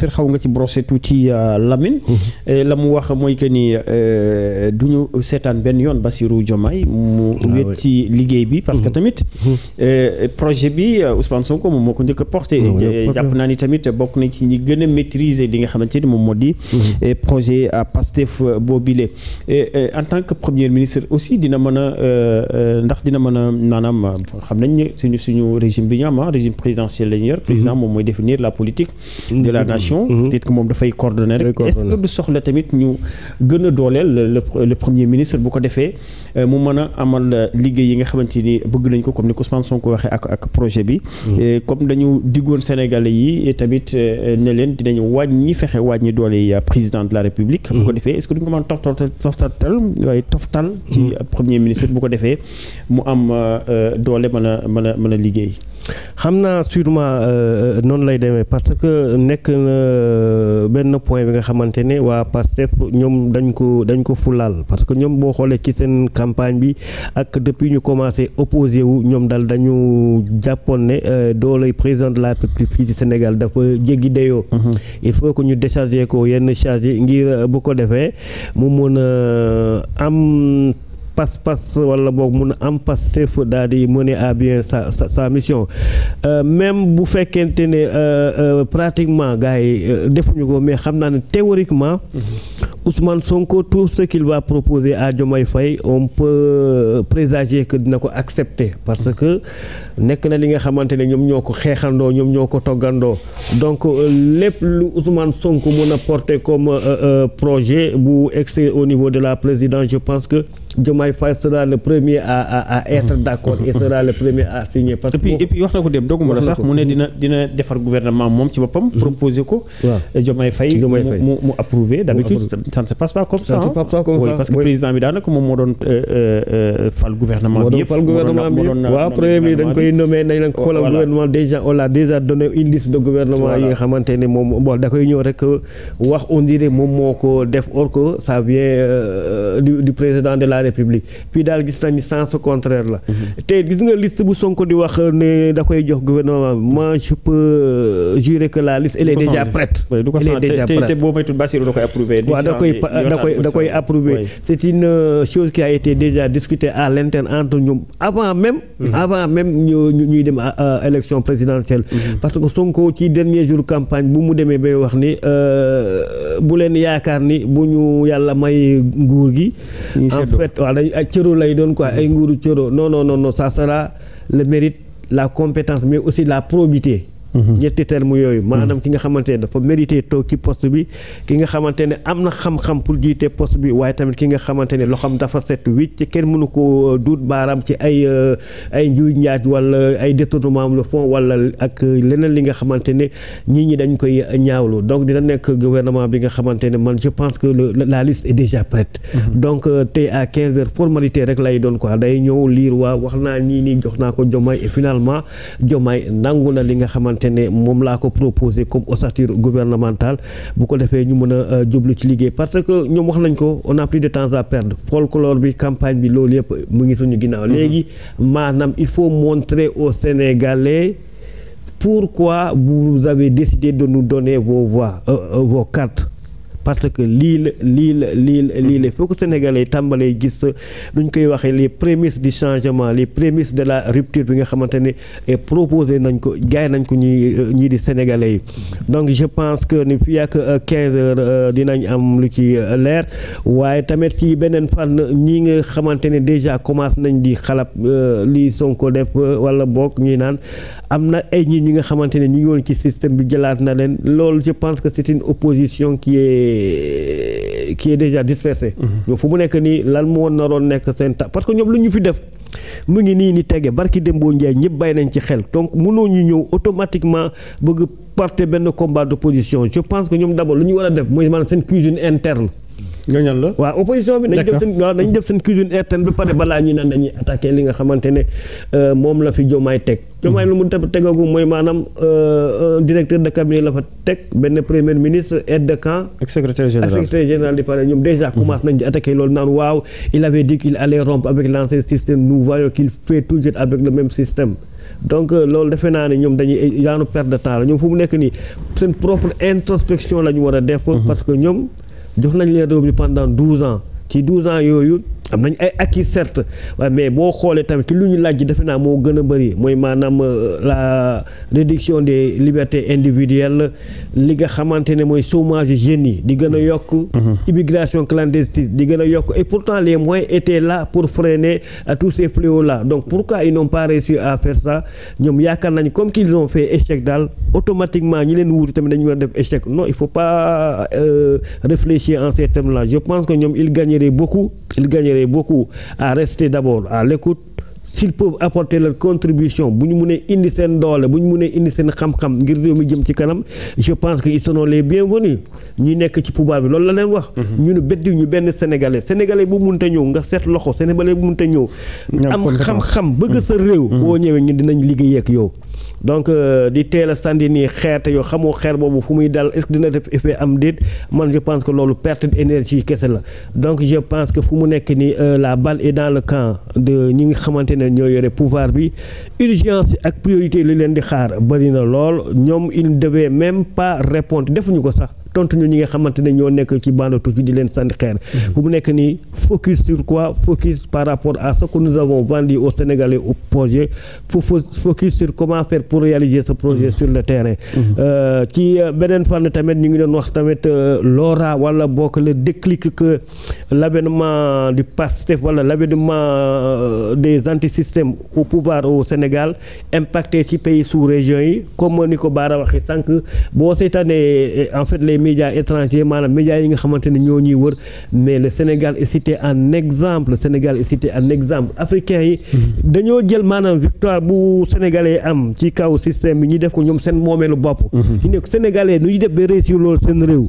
sax xaw nga ci brosser ci euh, lamin mhm. euh, la mu wax mooy que ni euh, du ñu seetaan benn yoon Bassirou Diomaye mu ah wet ci liggéey bi parce que mhm. tamit mhm. projet bi Ousmane Sonko moom moo ko njëkk a porté jàpp naa ni tamit bokk na ci ñi gën a maîtriser li nga xamante ni moom moo di projet Pastef boobile en tant que premier ministre aussi dina mën a ndax dina mën a maanaam xam nañ ne suñu suñu régime bi ñu am régime présidentiel la ñu yor président moom mooy définir la politique de la nation gestion. Mhm. peut moom dafay coordonner rek. est-ce que du soxla tamit ñu gën a dooleel le le premier ministre bu ko defee euh, mu mën a amal euh, liggéey yi nga xamante ni bëgg nañ ko comme ni ko Ousmane Sonko waxee ak ak projet bi. Mhm. comme dañu diggoon Sénégalais yi tamit euh, ne leen dinañu wàññi fexe wàññi doole yi président de la République. Mhm. bu ko defee est-ce que duñ ko mën a toftal toftal waaye toftal. ci premier ministre bu ko defee mu am doole mën a mën a mën a liggéey. xam naa sûrement euh, euh, noonu lay demee parce que nekk na euh, benn point bi nga xamante ne waa PASTEF ñoom dañ ko dañ ko fulaal parce que ñoom boo xoolee ci seen campagne bi ak depuis ñu commencé opposé wu ñoom daal dañu jàppoon ne doole président de la République fii ci Sénégal dafa jéggi dayoo. Mhm. il faut que ñu décharger ko yenn charge ngir bu ko defee mu mën a am. pas-pas wala boog mun a am Pastef daal di mener à bien sa sa, sa mission euh, même bu fekkente ne euh, euh pratiquement gars yi euh, defuñu ko mais xam naa ne théoriquement. Mm -hmm. tout ce qu'il va proposer à Diomaye fay on peut euh, présager que dina ko accepter parce que nekk na li nga xamante ne ñoom ñoo ko xeexandoo ñoom ñoo ko toggandoo donc lépp lu Ousmane Sonko mën a porter comme projet bu excès au niveau de la présidence je pense que Diomaye Faye sera le premier à à à être mm-hmm. d'accord et sera le premier gouvernement ci boppam. Mm-hmm. proposer ko. waaw Diomaye Faye mu mu mu approuvé. d'habitude ça ne se passe pas comme ça. ça bi daanaka moom moo doon fal gouvernement bi yëpp. moo doon fal gouvernement bi dañ koy nommé nañ la gouvernement déjà on l'a déjà donné une de gouvernement yi xamante ne moom bon da koy ñëw rek euh, wax on moom moo ko def or que ça vient euh, du président de la république fii daal gis nañu sens contraire la. Mhm. te gis nga liste bu Sonko di wax ne da koy jox gouvernement moi je peux euh, jurer que la liste. a été déjà discutée à l' interne entre ñoom avant mhm. ñu ñuy dem élection présidentielle. Mhm. parce que Sonko ci dernier jour campagne bu mu demee bay wax ni euh, bu leen yaakaar ni bu ñu yàlla may nguur gi. en fait waaw dañ ay cëru lay doon quoi ay nguuru cëru non non non non ça sera le mérite la compétence mais aussi la probité Mhm. ñetti terme yooyu maanaam mhm. ki nga xamante ne dafa mérité toog ci poste bi ki nga xamante ne am na xam-xam pour jiite poste bi waaye tamit ki nga xamante ne loxoom dafa set wicc kenn mënu ko euh, duut baaraam ci ay euh, ay njuuj njaaj wala ay détournement le fond wala ak euh, leneen li nga xamante ni ñii ñi dañ koy ñaawlu donc dina nekk gouvernement bi nga xamante ne man je pense que la liste est déjà prête mhm. donc tey à quinze heures formalité rek lay doon quoi day ñëw liir waa wax naa ñii nii jox naa ko Diomaye et finalement Diomaye nangu na li te ne moom laa ko proposé comme ossature gouvernementale bu ko defee ñu mën a euh, jublu ci liggéey parce que ñoom wax nañ ko on a plus de temps à perdre folklore bi campagne bi loolu yëpp mu ngi suñu ginnaaw mm-hmm. léegi maanaam il faut montrer aux Sénégalais pourquoi vous avez décidé de nous donner vos voix euh, euh vos cartes parce que lii la lii la lii la lii la il faut que tàmbalee gis lu ñu koy waxee li prémices du changement les prémise de la rupture bi nga xamante ne eh, proposé nañ ko jaay nañ ko ñi euh, ñii di sénégalais yi mm-hmm. donc je pense que ni fii euh, quinze 15 heures euh, dinañ am lu ci leer waaye tamit ci beneen fànn ñi nga xamante ne déjà commencé nañ di xalab lii Sonko def wala boog ñuy naan am na ay nit ñi nga xamante ne ñu ngi woon ci système bi jalaat na leen lool je pense que c'est une opposition qui est qui est déjà dispersée. ñoom mhm. fu mu nekk nii lan moo naroon nekk seen ta parce que ñoom lu ñu fi def mu ngi nii ni tege barki Dembo Ndiaye ñëpp bay nañ ci xel donc mënoo ñu ñëw automatiquement bëgg porter benn combat d'opposition je pense que ñoom d'abord lu ñu war a def mooy maanaam seen cuisine interne. ñooñu la waaw opposition bi. nañ def seen waaw nañ def seen cuisine RTL ba pare balaa ñu naan dañuy attaqué li nga xamante ne euh, moom la fi Diomaye teg. Diomaye lu mu tegagum euh, euh, de cabinet la fa teg benn premier ministre aide de camp. ak secrétaire général di pare ñoom déjà mhm. commencé nañ di attaqué loolu naan waaw il avait dit qu'il allait rompre avec l'ancien système nous voyons qu'il fait toujours avec le même système. donc loolu defe naa ne ñoom dañuy yaanu perte de temps la ñoom fu mu nekk nii seen la ñu war a def. Mhm. parce que jox nañ leen réew mi pendant 12 ans ci 12 ans yooyu am nañ ay acquis certes waaye mais boo xoolee tamit ci lu ñu laaj defe naa moo gën a bëri mooy maanaam euh, la réduction des libertés individuelles li nga xamante ne mooy chômage jeunes yi di gën a yokk mm-hmm. immigration clandestine di gën a yokk et pourtant les moyens étaient là pour freiner euh, tous ces fléaux là donc pourquoi ils n'ont pas réussi à faire ça ñoom yaakaar nañ comme qu'ils ont fait échec daal automatiquement ñu leen wuutu tamit dañu war a def échec non il faut pas euh, réfléchir en ces termes là je que ñoom ils gagneraient beaucoup ils gagneraient beaucoup à rester d'abord à l'écoute s'ils peuvent apporter contribution bu ñu munee indi seen doole bu ñu munee indi seen xam-xam ngir réew mi jëm ci kanam je pense que ils seront les bienvenus ñu nekk ci pouvoir bi loolu la leen wax. Mhm. ñu ne beddi ñu benn sénégalais sénégalais bu mënta ñëw nga seet loxo sénégalais bu mun mënta ñëw. am xam-xam bëgg sa réew. Mhm. boo ñëwee ñu dinañ liggéey yow. donc euh, di teel a sànni nii xeer te yoo xamoo xeer boobu fu muy dal est-ce que dina def effet am déet man je pense que loolu perte d'énergie kese la donc je pense que fu mu nekk nii euh, la balle est dans le camp de ñi nga xamante ne ñoo yore pouvoir bi urgence ak priorité li leen di xaar bëri na lool ñoom il ne devait même pas répondre defuñu ko sax. tontu ñu ñi nga xamante ne ñoo nekk ci bande tuuti di leen sànni xeer. bu mm-hmm. mu nekk nii focus sur quoi focus par rapport à ce que nous avons vendu aux Sénégalais au projet focus sur comment faire pour réaliser ce projet mm-hmm. sur le terrain. Mm-hmm. Euh, euh, tamit ñu ngi doon wax tamit euh, l'aura wala bokk le déclic que l'avènement du PASTEF wala l'avènement des antisystèmes au pouvoir au Sénégal impacté ci pays sous yi comme ni ko Baara waxee sànq boo seetaanee en fait les média étrangers maanaam médias yi nga xamante ne ñoo ñuy wër mais le Sénégal est cité en exemple Sénégal est cité en exemple africain yi. Mm-hmm. dañoo jël maanaam victoire bu sénégalais am ci kaw système bi ñu def ko ñoom seen moomeelu bopp. Mm-hmm. ñu ne sénégalais nu ñu def ba réussir loolu seen réew.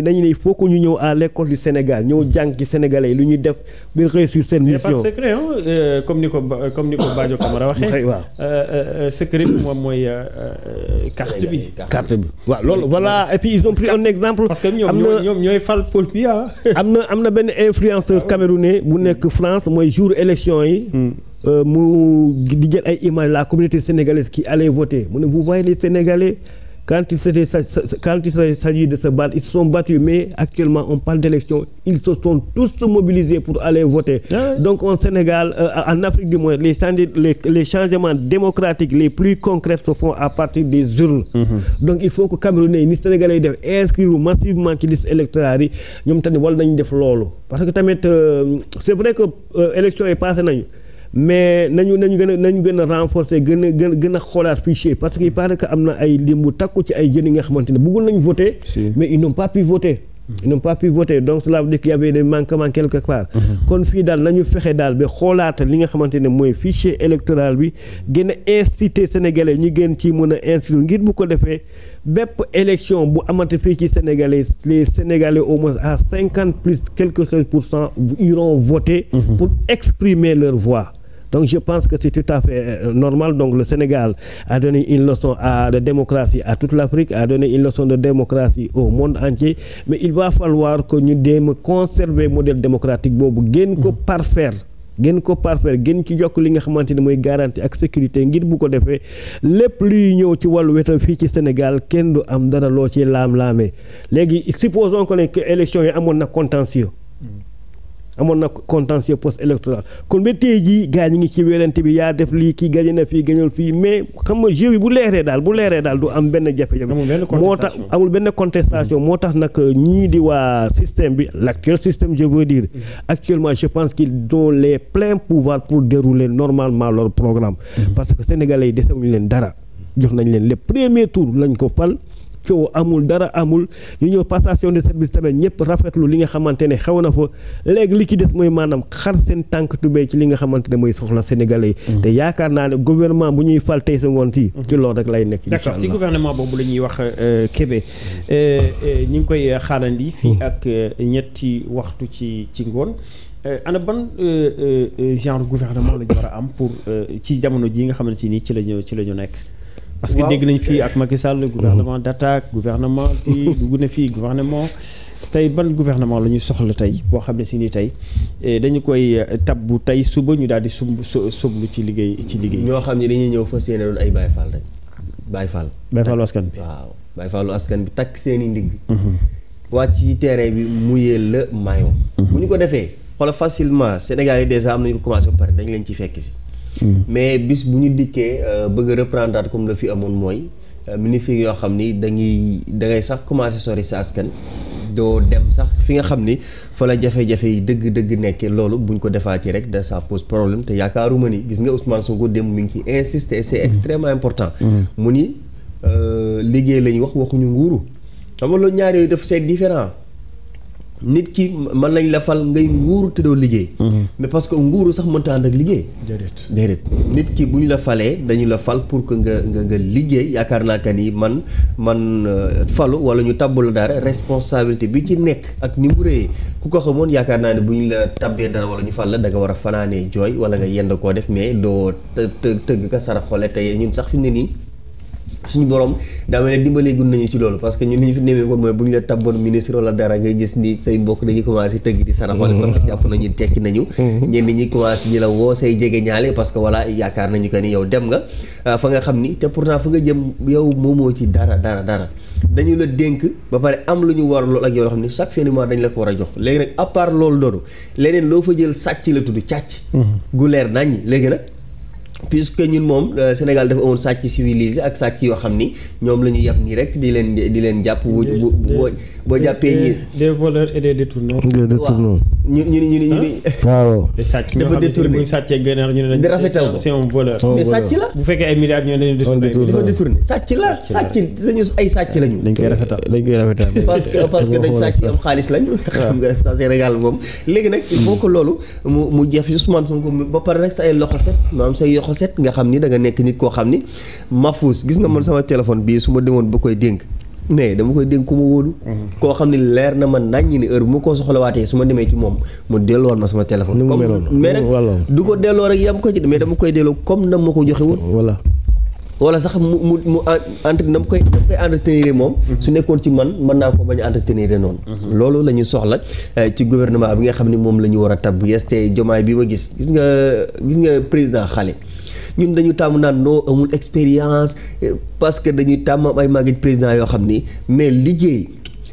ni dañu ne il ñu ñëw à lekkool du Sénégal ñëw jàng ci sénégalais lu ñuy def ba réussir seen mission. mais secret euh, comme ni ko comme ni ko Badio Camara waxee. waaw euh, euh, secret bi moom mooy carte bi. bi waaw loolu voilà et puis ils ont pris un exemple. parce que ñoom ñoom ñooy fal pôle bi am na am na benn influenceur ah camerounais bu mm. nekk France mooy jour élection yi. Mm. mu di jël ay images la communauté sénégalaise qui allait voter mu ne vous voyez les Sénégalais. Quand il s'était, quand il s'agit de se battre, ils se sont battus, mais actuellement, on parle d'élection, ils se sont tous mobilisés pour aller voter. Ah oui. Donc, en Sénégal, euh, en Afrique du moins, les, les, les, changements démocratiques les plus concrets se font à partir des urnes. Mm -hmm. Donc, il faut que Camerounais, les Sénégalais, inscrivent massivement qui liste électorale, nous avons des Parce que, euh, c'est vrai que l'élection euh, est passée, mais nañu nañu gën a nañu gën a renforcer gën a gën gën a xoolaat fichier parce que il paraît que am na ay lim bu takku ci ay jën yi nga xamante ne bëggoon nañu voter mais ils n'ont pas pu voter ils n'ont pas pu voter donc cela veut dire qu'il y avait des manquements quelque part mm-hmm. kon fii daal nañu fexe daal ba xoolaat li nga xamante ne mooy fichier électoral bi gën a inciter sénégalais ñu gën ci mën a inscrire ngir bu ko defee bépp élection bu amate fii ci sénégalais le sénégalais au moins à cinquante plus quelque pour cent iront voter mm-hmm. pour exprimer leur voix Donc je pense que c'est tout à fait euh, normal. Donc le Sénégal a donné une leçon à, de démocratie à toute l'Afrique, a donné une leçon de démocratie au monde entier. Mais il va falloir que ñu dem conserver modèle démocratique boobu gën ko mm-hmm. parfaire gën ko parfaire gën ci jokk li nga xamante ne mooy garanti ak sécurité ngir bu ko defee lépp luy ñëw ci wàllu wetam fii ci Sénégal kenn du am dara loo ci laam-laamee léegi supposons que ne que élection yi amoon na contentieux mm-hmm. amoon na contentieux post électoral kon ba tey jii gars ñu ngi ci werante bi yaa def lii kii gañe na fii gañul fii mais xam nga jeu bi bu leeree daal bu leeree daal du am benn jafe-jafe moo tax amul benn contestation mm-hmm. moo tax nag euh, ñii di waa système bi l' actuel système je veux dire mm-hmm. actuellement je pense qu'ils doo les pleins pouvoirs pour dérouler normalement leur programme mm-hmm. parce que sénégalais yi desewuñu leen dara jox nañ leen lépp premier tour lañ ko fal coow amul dara amul ñu ñëw passation de service tamit ñëpp rafetlu li nga xamante ne xew na fa léegi li ci des mooy maanaam xar seen tànk tubéy ci li nga xamante ne mooy soxla sénégalais yi mm-hmm. te yaakaar naa ne gouvernement bu ñuy fal tey sa ngoon ci mm-hmm. ci loolu rek lay nekk d'accord ci gouvernement boobu la wax euh, kebe euh, euh, ñu ngi koy xaarandi fii mm-hmm. ak ñetti waxtu ci ci ngoon ana ban genre gouvernement la ñu war a am pour ci jamono ji nga xamante ni ci la ñu ci la ñu nekk parce que dégg nañ fii ak Macky Sall mhm. gouvernement d'attaque gouvernement fii mhm. dugg na fii gouvernement tey ban gouvernement la ñu soxla tey boo xam ne si ni tey eh, dañu koy eh, tab bu tey suba ñu daal di sumb sumb ci liggéey ci liggéey. ñoo xam ne dañuy ñëw fa yéene doon ay Baye Fall rek Baye Fall. Baye Fallu askan bi waaw Baye Fallu askan bi takk seen i ndigg. Mhm. wàcc ci terrain bi muyee la maillot. bu ñu ko defee xoolal facilement Sénégal yi déjà am nañu ko commencé ba pare dañu leen ci fekk si. mais bis bu ñu dikkee euh, bëgg a reprendre comme la fi amoon mooy euh, ministre yoo xam ni dañuy da ngay sax commencé sori sa askan. doo dem sax fi nga xam ni fa la jafe-jafe yi dëgg-dëgg nekkee loolu bu buñ ko defaati rek da ça pose problème te yaakaaruma ni gis nga Ousmane Sonko démb mi ngi ciy insister et c'est mm-hmm. extrêmement important. Mm-hmm. mu ni euh, liggéey lañu wax waxuñu nguuru xam nga loolu ñaar yooyu def c'est différent nit ki man nañ la fal ngay nguuru te doo liggéey. Mhm. mais parce que nguuru sax mënta ànd ak liggéey. déedéet nit ki bu ñu la falee dañu la fal pour que nga nga nga liggéey yaakaar naa que ni man man euh, falu wala ñu tabb la dara responsabilité bi ci nekk ak ni mu rëyee ku ko xamoon yaakaar naa ne bu ñu la tabbee dara wala ñu fal la da war a fanaanee jooy wala nga yend koo def mais doo të të tëgg ka saraxole tey ñun sax fi mu ne nii. suñu borom daa mel ne dimbalee gun nañu ci loolu parce que ñun li ñu fi nemee kon mooy bu ñu la tabboon ministre wala dara ngay gis ni say mbokk dañuy commencé tëgg di saraxale mm-hmm. parce que jàpp nañu tekki nañu mm-hmm. ñenn ñi commencé ñi la woo say jege ñaale parce ni yow dem euh, nga xam ni te pourtant fa nga jëm yow moomoo ci dara dara dara dañu la dénk ba pare am lu ñu war loolu ak yow xam ne chaque fin du mois ko war a jox léegi nag à loolu doonu leneen loo fa jël sàcc la tudd càcc mm-hmm. gu leer nañ léegi nag puisque ñun moom euh, Sénégal dafa amoon sàcc civilisé ak sàcc yoo xam ni ñoom la yàpp nii rek di leen jàpp. bu boo jàppee ñi. des voleurs et rafetal ko c'est un voleur. sàcc la sàcc la ay sàcc lañu. dañ koy rafetal dañ dañ sàcc am xaalis lañu. xam Sénégal moom léegi nag il faut que loolu mu jeex Ousmane Sonko ba pare rek sa ay loxo set maanaam say yoxo set nga xam ni da nga nekk nit koo xam ni mafus gis nga man sama téléphone bii su ma demoon ba koy dénk mais dama koy dénk ku ma wóolu mhm. koo xam ne leer na ma naññ ni heure bu ko soxlawaatee su ma demee ci moom mu delloo ma sama téléphone comme mais nag du ko delloo rek yam ko ci mais dama koy delloo comme na ko joxe woon voilà wala sax mu mu mu entre na mu mu koy entretenir moom mhm. su nekkoon ci man mën naa ko bañ a entretenir noonu mhm. loolu lañu soxla eh, ci gouvernement bi nga xam ne moom la ñu war a tabb yeste jomaay bi ma gis gis nga gis nga président xale ñun dañu tàmm naan noo amul expérience euh, parce que dañuy tàmm ay magget président yoo xam ni mais liggéey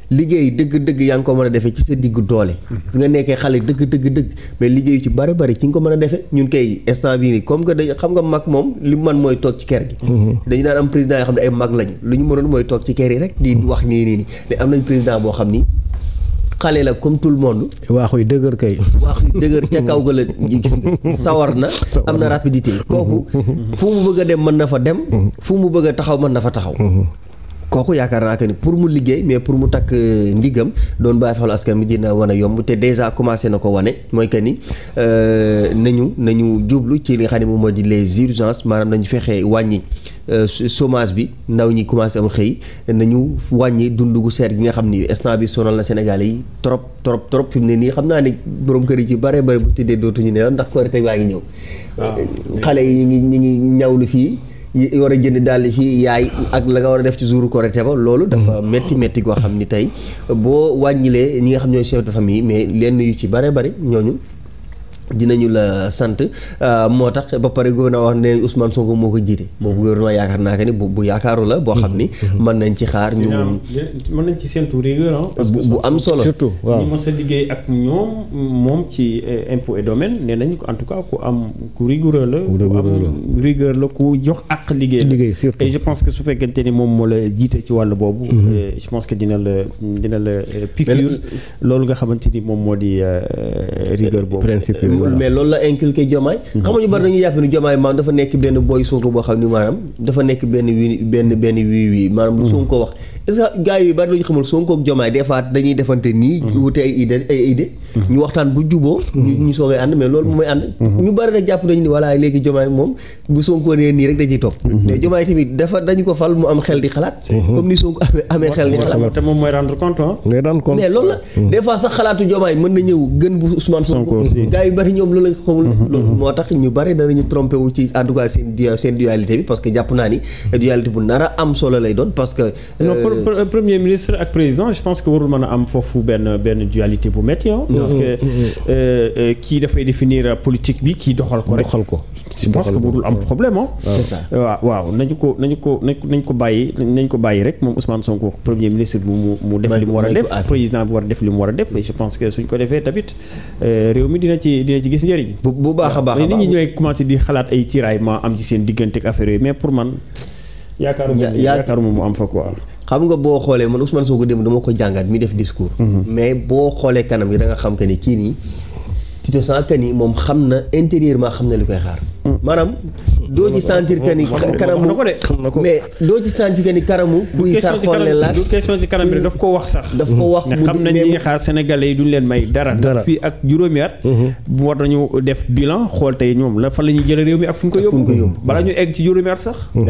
liggéey dëgg-dëgg yaa ngi ko mën a defee ci sa diggu doole. bi nga nekkee xale dëgg dëgg dëgg mais liggéey ci bari bari ci nga ko mën a defee ñun kay instant bii nii comme que dañu xam nga mag moom li mu man mooy toog ci kër gi. Mhm. dañu daan am président yoo xam ne ay mag lañu lu ñu mënoon mooy toog ci kër yi rek. di mhm. wax nii nii nii am nañ président boo xam ni. xale la comme tout le monde. waaxuy dëgër kay. waaxuy dëgër ca kaw ga la gis nga sawar na. am na rapidité. kooku fu mu bëgg a dem mën na fa dem. fu mu bëgg a taxaw mën na fa taxaw. Mm-hmm. kooku yaakaar naa que ni pour mu liggéey mais pour mu takk euh, ndigam doon bàyyi xel askan bi dina wane yomb te déjà commencé na ko wane mooy que ni euh, nañu nañu jublu ci li nga xam ne moom moo di les urgences maanaam nañu fexee wàññi. Euh, chômage bi ndaw ñi commencé am xëy nañu wàññi dundu gu seet gi nga xam ni instant bi sonal na Sénégalais yi trop trop trop fi mu ne nii xam naa ne borom kër yi ci bare bare bu tëddee dootuñu ne ndax Korité baa ngi ñëw. Ah, xale yi ñu ngi ñu ngi ñawlu fii. war a jënd dàll ci yaay ak la nga war a def ci jouru Korité ba loolu dafa métti mm. métti goo xam ni tey boo wàññilee ñi nga xam ñooy chef de famille mais lenn yu ci bare bari ñooñu dinañu la sant euh, moo tax ba pare gouvernement wax ne Ousmane Sonko moo ko jiite. boobu mm-hmm. gouvernement yaakaar naa que ni bu bu yaakaaru la. boo xam ni man mm-hmm. nañ ci xaar. ñu mën nañ ci séntu rigueur parce bu am solo surtout waaw ñi mos liggéey ak ñoom moom ci eh, impôt et domaine nee nañ ko en tout cas ku am ku rigoureux la. ku la ku jox ak liggéey. liggéey surtout je pense que su fekkente ni moom moo la jiite ci wàll boobu. Mm-hmm. Eh, je pense que dina la dina la eh, piqûre loolu nga xamante ni moom moo di rigueur boobu. mais loolu la inculqué Diomaye mhm. xam nga ñu bari dañuy yàpp ni Diomaye maanaam dafa nekk mhm. yi bari la ñu xamul Sonko ak Diomaye des fois dañuy defante nii mhm. wute ay idée ay idée ñu waxtaan bu juboo nañu ni voilà mën na ñëw gën bu Ousmane Sonko gars yi bari bari ñoom loolu lañ xamul. Mhm, loolu mhm. moo tax ñu bari danañu trompé wu ci en parce que jàpp naa a am solo lay doon que. Euh, non premier am foofu benn benn dualité bu métti parce que mhm, euh, euh, kii dafay définir politique bi kii doxal ko rek. doxal ko je pense am problème ah. c'est ça waaw waaw nañu ko nañu ko nañu ko bàyyi nañu ko bàyyi rek moom Ousmane Sonko premier ministre bi mu mu def li mu war a def président bi war a def li mu war a def je pense que suñ ko defee tamit réew mi dina ci. dinañ ci gis njëriñ. bu bu baax a baax nit ñi ñooy commencé di xalaat ay tiraillement am ci seen diggante ak affaire yooyu mais pour man. yaakaaruma yaakaaruma mu am fa quoi. xam nga boo xoolee man Ousmane Sonko démb dama ko jàngat mi def discours. Mm-hmm. mais boo xoolee kanam gi da xam que ni kii nii. Tito Sang kani moom xam na intérieurement xam na li koy xaar. Hmm. maanaam doo ci sentir que ni kanamu mais doo ci sentir que ni kanamu. kuy sar xolle la du question ci kanam bi daf ko wax sax. daf ko wax mu xam nañ ñi xaar sénégalais yi duñ leen may dara. dara fii ak juróomi at. Hmm. la fan la ñuy jëlee réew mi ak fu ñu ko yóbbu. bala ñu egg ci juróomi at sax. Hmm.